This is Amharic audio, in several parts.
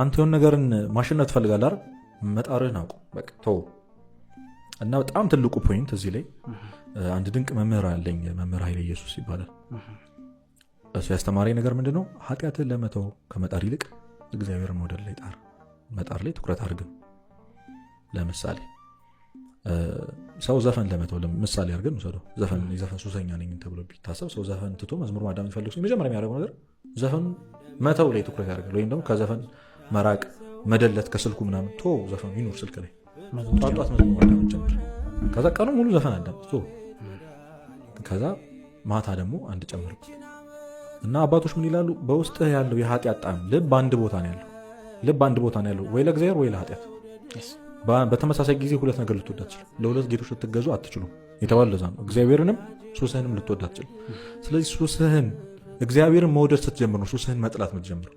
አንተ የሆነ ነገርን ማሸነፍ ትፈልጋለህ አይደል? መጣርህን አውቁ ተው እና በጣም ትልቁ ፖይንት እዚህ ላይ አንድ ድንቅ መምህር አለኝ። መምህር ኃይለ ኢየሱስ ይባላል። እሱ ያስተማረኝ ነገር ምንድን ነው? ኃጢአትን ለመተው ከመጣር ይልቅ እግዚአብሔር መውደድ ላይ ጣር፣ መጣር ላይ ትኩረት አድርግም። ለምሳሌ ሰው ዘፈን ለመተው ምሳሌ አድርገን ውሰደው። ዘፈን የዘፈን ሱሰኛ ነኝ ተብሎ ቢታሰብ ሰው ዘፈን ትቶ መዝሙር ማዳመጥ የሚፈልግ ሰው የመጀመሪያ የሚያደርገው ነገር ዘፈኑ መተው ላይ ትኩረት ያደርጋል ወይም ደግሞ ከዘፈን መራቅ፣ መደለት ከስልኩ ምናምን ቶ ዘፈኑ ይኖር ስልክ ላይ ጧጧት መዝሙር ጀምር። ከዛ ቀኑ ሙሉ ዘፈን አዳመጥ። ከዛ ማታ ደግሞ አንድ ጨምር እና አባቶች ምን ይላሉ? በውስጥህ ያለው የኃጢአት ጣም ልብ አንድ ቦታ ነው ያለው። ልብ አንድ ቦታ ነው ያለው፣ ወይ ለእግዚአብሔር ወይ ለኃጢአት። በተመሳሳይ ጊዜ ሁለት ነገር ልትወዳ ትችል። ለሁለት ጌቶች ልትገዙ አትችሉም የተባለ ለዛ ነው። እግዚአብሔርንም ሱስህንም ልትወዳ ትችል። hmm. ስለዚህ ሱስህን እግዚአብሔርን መውደድ ስትጀምር ነው ሱስህን መጥላት የምትጀምረው።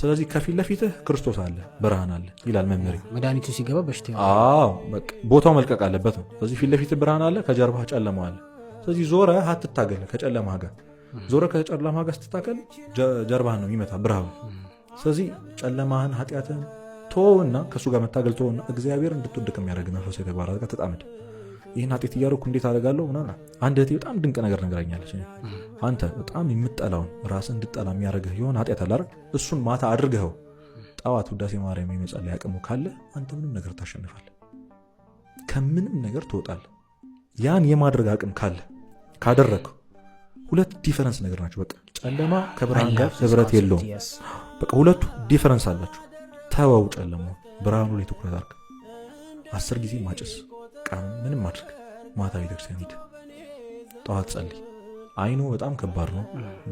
ስለዚህ ከፊት ለፊትህ ክርስቶስ አለ፣ ብርሃን አለ ይላል መምህር። መድኃኒቱ ሲገባ በሽታ ቦታው መልቀቅ አለበት ነው። ስለዚህ ፊት ለፊትህ ብርሃን አለ፣ ከጀርባህ ጨለማ አለ። ስለዚህ ዞረ አትታገል ከጨለማ ጋር። ዞረ ከጨለማ ጋር ስትታገል ጀርባህን ነው የሚመታ ብርሃኑ። ስለዚህ ጨለማህን ኃጢአትህን ቶና ከእሱ ጋር መታገል ቶና እግዚአብሔር እንድትወድቅ የሚያደርግ መንፈስ ተግባራት ጋር ተጣመድ። ይህን አጤት እያደረኩ እንዴት አደርጋለሁ ምናምን። አንድ እህቴ በጣም ድንቅ ነገር ነገረኛለች። አንተ በጣም የምጠላውን ራስ እንድጠላ የሚያደርግህ የሆነ ኃጢአት አላረ እሱን ማታ አድርገኸው ጠዋት ውዳሴ ማርያም የመጸለይ አቅሙ ካለ አንተ ምንም ነገር ታሸንፋለህ፣ ከምንም ነገር ትወጣለህ። ያን የማድረግ አቅም ካለ ካደረግከው ሁለት ዲፈረንስ ነገር ናቸው። በቃ ጨለማ ከብርሃን ጋር ህብረት የለውም። በቃ ሁለቱ ዲፈረንስ አላቸው። ተወው ጨለማ ብርሃኑ ላይ ትኩረት አድርግ። አስር ጊዜ ማጨስ በቃ ምንም አድርግ፣ ማታ ቤተክርስቲያን ሂድ፣ ጠዋት ጸልይ። አይኖ በጣም ከባድ ነው፣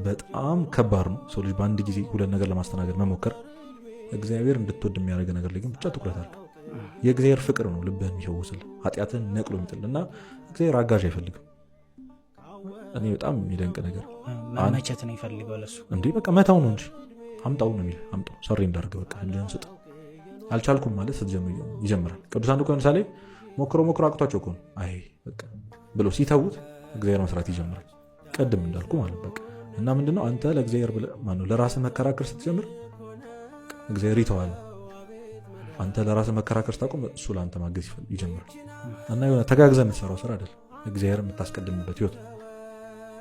በጣም ከባድ ነው። ሰው ልጅ በአንድ ጊዜ ሁለት ነገር ለማስተናገድ መሞከር እግዚአብሔር እንድትወድ የሚያደርግ ነገር ላይ ግን ብቻ ትኩረት አድርግ። የእግዚአብሔር ፍቅር ነው ልብህን የሚፈውስል፣ ኃጢአትን ነቅሎ የሚጥል እና እግዚአብሔር አጋዥ አይፈልግም። እኔ በጣም የሚደንቅ ነገር መቸት ነው ይፈልገው ለሱ እንዴ፣ በቃ መታው ነው እንጂ አምጣው ነው የሚል አምጣው፣ ሰሪ እንዳርግ፣ በቃ እንጀን ስጥ አልቻልኩም ማለት ስትጀምር ይጀምራል። ቅዱሳን ለምሳሌ ሞክሮ ሞክሮ አቅቷቸው እኮ አይ በቃ ብሎ ሲተዉት እግዚአብሔር መስራት ይጀምራል። ቅድም እንዳልኩ ማለት በቃ እና ምንድነው አንተ ለእግዚአብሔር ለራስ መከራከር ስትጀምር እግዚአብሔር ይተዋል። አንተ ለራስ መከራከር ስታቆም እሱ ለአንተ ማገዝ ይጀምራል። እና የሆነ ተጋግዘ የምትሰራው ስራ አይደለም፣ እግዚአብሔር የምታስቀድምበት ህይወት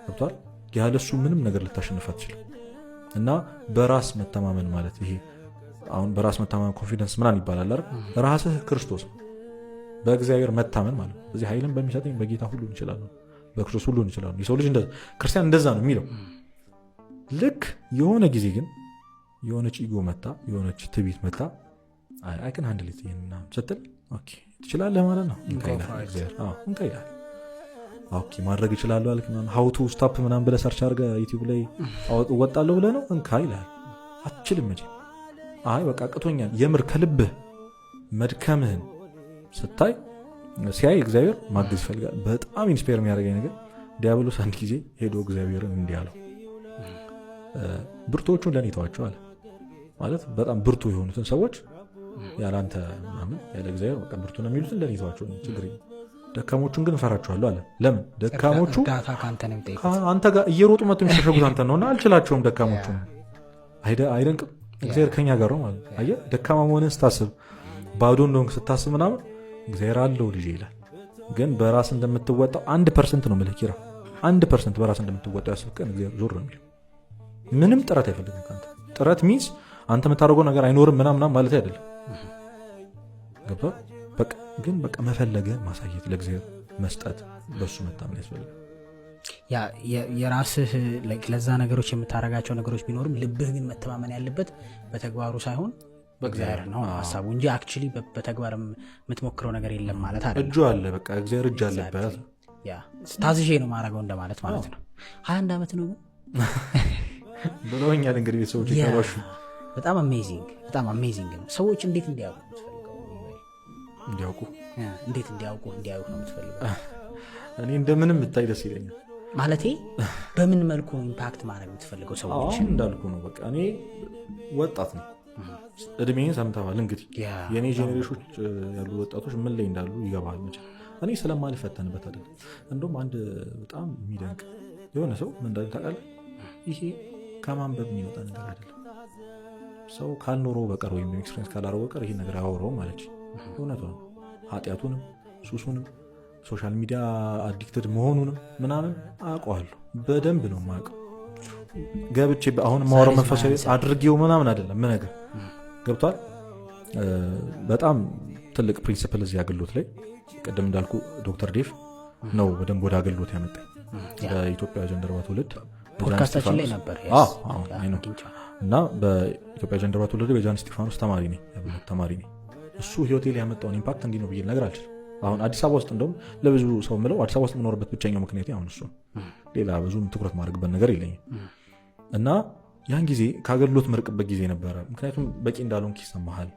ገብቷል። ያለ እሱ ምንም ነገር ልታሸንፍ አትችልም። እና በራስ መተማመን ማለት ይሄ አሁን በራስ መተማመን ኮንፊደንስ ምናምን ይባላል አይደል? ራስህ ክርስቶስ ነው በእግዚአብሔር መታመን ማለት ነው። እዚህ ኃይልን በሚሰጠኝ በጌታ ሁሉ እንችላለ በክርስቶስ ሁሉ እንችላለ። የሰው ልጅ ክርስቲያን እንደዛ ነው የሚለው። ልክ የሆነ ጊዜ ግን የሆነች ኢጎ መታ፣ የሆነች ትቢት መታ። አይክን አንድ ሌት ና ስትል ትችላለህ ማለት ነው። እንቀይላል ማድረግ እችላለሁ አልክ። ሀውቱ ስታፕ ምናምን ብለህ ሰርች አድርገህ ዩቲዩብ ላይ እወጣለሁ ብለህ ነው እንካ ይላል። አችልም መቼም አይ በቃ ቅቶኛል። የምር ከልብህ መድከምህን ስታይ ሲያይ እግዚአብሔር ማገዝ ይፈልጋል። በጣም ኢንስፔር የሚያደርገኝ ነገር ዲያብሎስ አንድ ጊዜ ሄዶ እግዚአብሔርን እንዲህ አለው፣ ብርቶቹን ለእኔ ተዋቸው አለ። ማለት በጣም ብርቱ የሆኑትን ሰዎች ያለአንተ ምናምን ያለ እግዚአብሔር በቃ ብርቱ ነው የሚሉትን ለእኔ ተዋቸው፣ ችግር ደካሞቹን ግን እፈራቸዋለሁ አለ። ለምን ደካሞቹ አንተ ጋር እየሮጡ መቶ የሚሸሸጉት አንተ ነው እና አልችላቸውም። ደካሞቹ አይደንቅም? እግዚአብሔር ከኛ ጋር ነው ማለት አየህ። ደካማ መሆንን ስታስብ ባዶ እንደሆንክ ስታስብ ምናምን እግዚአብሔር አለው ልጅ ይላል። ግን በራስ እንደምትወጣው አንድ ፐርሰንት ነው ምልህ ኪራ፣ አንድ ፐርሰንት በራስ እንደምትወጣው ያስብቀን እግዚአብሔር ዞር ነው ምንም ጥረት አይፈልግም ከአንተ ጥረት ሚንስ አንተ የምታደርገው ነገር አይኖርም ምናምናም ማለት አይደለም። ገባ? በቃ ግን በቃ መፈለገ ማሳየት ለእግዚአብሔር መስጠት በሱ መታመን ያስፈልግ የራስህ ለዛ ነገሮች የምታደርጋቸው ነገሮች ቢኖርም ልብህ ግን መተማመን ያለበት በተግባሩ ሳይሆን በእግዚአብሔር ነው ሀሳቡ እንጂ አክቹዋሊ በተግባር የምትሞክረው ነገር የለም ማለት አለ። እጁ አለ፣ በቃ እግዚአብሔር እጅ አለበት። ታዝዤ ነው ማድረገው እንደማለት ማለት ነው። ሀያ አንድ ዓመት ነው ብለውኛል። እንግዲህ ቤተሰቦች ይቀባሹ። በጣም አሜዚንግ በጣም አሜዚንግ ነው። ሰዎች እንዴት እንዲያውቁ እንዲያውቁ እንዴት እንዲያውቁ እንዲያዩ ነው የምትፈልገው? እኔ እንደምንም ብታይ ደስ ይለኛል። ማለቴ በምን መልኩ ኢምፓክት ማድረግ የምትፈልገው ሰዎች? እንዳልኩ ነው በቃ እኔ ወጣት ነው እድሜን ሰምተዋል። እንግዲህ የእኔ ጄኔሬሽኖች ያሉ ወጣቶች ምን ላይ እንዳሉ ይገባል። መቼም እኔ ስለማልፈተንበት አይደለም። እንደውም አንድ በጣም የሚደንቅ የሆነ ሰው ምን እንዳለ ታውቃለህ? ይሄ ከማንበብ የሚመጣ ነገር አይደለም። ሰው ካልኖረው በቀር ወይም ኤክስፔሪንስ ካላረው በቀር ይሄ ነገር አያወራውም ማለች። እውነቷ ነው። ኃጢአቱንም ሱሱንም ሶሻል ሚዲያ አዲክትድ መሆኑንም ምናምን አውቀዋለሁ። በደንብ ነው የማውቀው ገብቼ አሁን ማወራው መንፈሳዊ አድርጌው ምናምን አይደለም። ምን ነገር ገብቷል። በጣም ትልቅ ፕሪንስፕል እዚህ አገልግሎት ላይ ቅድም እንዳልኩ ዶክተር ዴፍ ነው በደንብ ወደ አገልግሎት ያመጣኝ በኢትዮጵያ ጀንደርባ ትውልድ እና በኢትዮጵያ ጀንደርባ ትውልድ በጃን ስቴፋኖስ ተማሪ ተማሪ ነኝ። እሱ ህይወቴ ላይ ያመጣውን ኢምፓክት እንዲህ ነው ብዬ ነገር አልችልም። አሁን አዲስ አበባ ውስጥ እንደውም ለብዙ ሰው ምለው አዲስ አበባ ውስጥ የምኖርበት ብቸኛው ምክንያት አሁን እሱ ሌላ ብዙም ትኩረት ማድረግበት ነገር የለኝም። እና ያን ጊዜ ከአገልግሎት መርቅበት ጊዜ ነበረ። ምክንያቱም በቂ እንዳልሆንክ ይሰማሃል።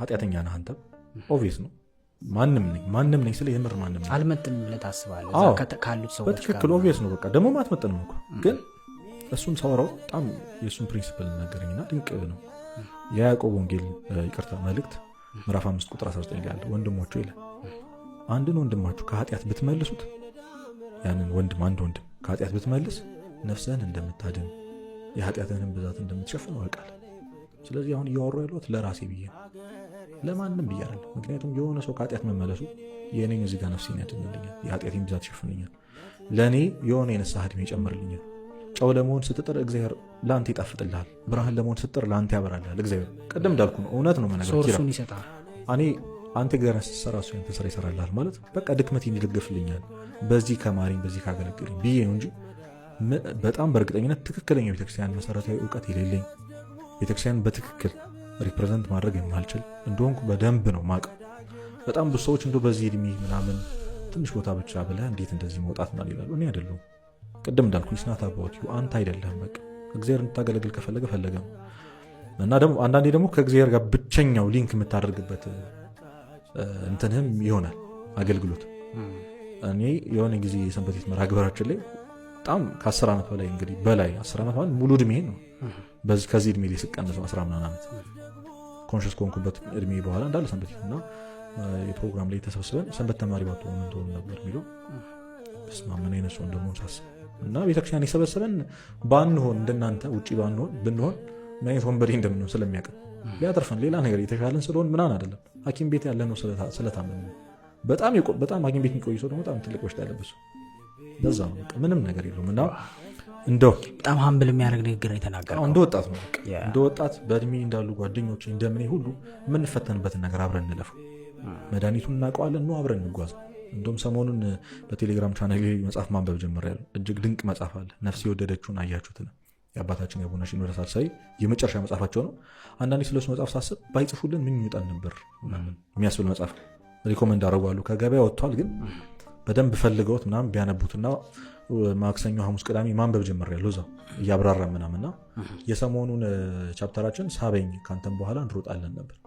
ኃጢአተኛ ነህ አንተ ኦብቪየስ ነው። ማንም ነኝ ማንም ነኝ ስለ የምር ማንም ነኝ አልመጥንም ብለህ ታስባለህ ካሉት ሰዎች በትክክል ኦብቪየስ ነው። በቃ ደግሞ አትመጥንም እኮ ግን እሱን ሳወራው በጣም የእሱን ፕሪንሲፕል ነገረኝና ድንቅ ነው። የያዕቆብ ወንጌል ይቅርታ መልእክት ምዕራፍ አምስት ቁጥር 19 ላይ ያለ ወንድሞቹ ይለ አንድን ወንድማችሁ ከኃጢአት ብትመልሱት ያንን ወንድም አንድ ወንድም ከኃጢአት ብትመልስ ነፍስህን እንደምታድን የኃጢአትህንም ብዛት እንደምትሸፍን አውቃለሁ። ስለዚህ አሁን እያወራሁ ያለሁት ለራሴ ብዬ ለማንም ብዬ አይደለም። ምክንያቱም የሆነ ሰው ከኃጢአት መመለሱ የእኔን እዚህ ጋር ነፍሴን ያድንልኛል፣ የኃጢአቴን ብዛት ይሸፍንልኛል፣ ለእኔ የሆነ የንስሐ ዕድሜ ይጨምርልኛል። ጨው ለመሆን ስትጥር እግዚአብሔር ለአንተ ይጣፍጥልሃል። ብርሃን ለመሆን ስትጥር ለአንተ ያበራልሃል። እግዚአብሔር ቅድም እንዳልኩ ነው፣ እውነት ነው መነገር ይሰጣል። እኔ አንተ እግዚአብሔር ስትሰራ እሱ ያንተ ስራ ይሰራልሃል ማለት በቃ ድክመት ይደግፍልኛል፣ በዚህ ከማሪኝ፣ በዚህ ካገለግለኝ ብዬ ነው እንጂ በጣም በእርግጠኝነት ትክክለኛ ቤተክርስቲያን መሰረታዊ እውቀት የሌለኝ ቤተክርስቲያን በትክክል ሪፕሬዘንት ማድረግ የማልችል እንደሆንኩ በደንብ ነው ማቅ። በጣም ብዙ ሰዎች እንደ በዚህ እድሜ ምናምን ትንሽ ቦታ ብቻ ብለ እንዴት እንደዚህ መውጣት ናል ይላሉ። እኔ አይደለሁም። ቅድም እንዳልኩ ስናት አባወት አንተ አይደለህም። በቃ እግዚአብሔር እንድታገለግል ከፈለገ ፈለገ ነው እና ደግሞ አንዳንዴ ደግሞ ከእግዚአብሔር ጋር ብቸኛው ሊንክ የምታደርግበት እንትንህም ይሆናል አገልግሎት። እኔ የሆነ ጊዜ የሰንበት መርሃ ግብራችን ላይ በጣም ከአስር ዓመት በላይ እንግዲህ በላይ አስር ዓመት ማለት ሙሉ እድሜ ነው። ከዚህ እድሜ ላይ ስቀንሰው አስራ ምናምን ዓመት ኮንሽስ ከሆንኩበት እድሜ በኋላ እንዳለ ሰንበት እና የፕሮግራም ላይ ተሰብስበን ሰንበት ተማሪ ባትሆኑ ምን ትሆኑ ነበር የሚለው ስማምን አይነት ሰው እንደሆን ሳስብ እና ቤተክርስቲያን የሰበሰበን ባንሆን እንደናንተ ውጭ ባንሆን ብንሆን ምን አይነት ወንበዴ እንደምንሆን ስለሚያውቅ ሊያተርፈን ሌላ ነገር የተሻለን ስለሆን ምናን አይደለም። ሐኪም ቤት ያለ ነው ስለታመን በጣም ሐኪም ቤት የሚቆይ ሰው ደግሞ በጣም ትልቅ በሽታ ያለበት ሰው በዛ ነው ምንም ነገር የለውም። እና እንደው በጣም ሀምብል የሚያደርግ ንግግር የተናገረው እንደ ወጣት ነው። እንደ ወጣት በእድሜ እንዳሉ ጓደኞች እንደምኔ ሁሉ የምንፈተንበትን ነገር አብረን እንለፈው። hmm. መድኃኒቱን እናውቀዋለን፣ ኑ አብረን እንጓዝ። እንደም ሰሞኑን በቴሌግራም ቻናል መጽሐፍ ማንበብ ጀምሬያለሁ። እጅግ ድንቅ መጽሐፍ አለ፣ ነፍስ የወደደችውን አያችሁትን የአባታችን የአቡነ ሽኖዳ ሳልሳዊ የመጨረሻ መጽሐፋቸው ነው። አንዳንዴ ስለሱ መጽሐፍ ሳስብ ባይጽፉልን ምን ይወጣን ነበር የሚያስብል መጽሐፍ ሪኮመንድ አደርገዋለሁ። ከገበያ ወጥቷል ግን hmm. በደንብ ፈልገውት ምናምን ቢያነቡትና ማክሰኞ፣ ሐሙስ፣ ቅዳሜ ማንበብ ጀምሬያለሁ እዛው እያብራራ ምናምንና የሰሞኑን ቻፕተራችን ሳበኝ ካንተም በኋላ እንሮጣለን ነበር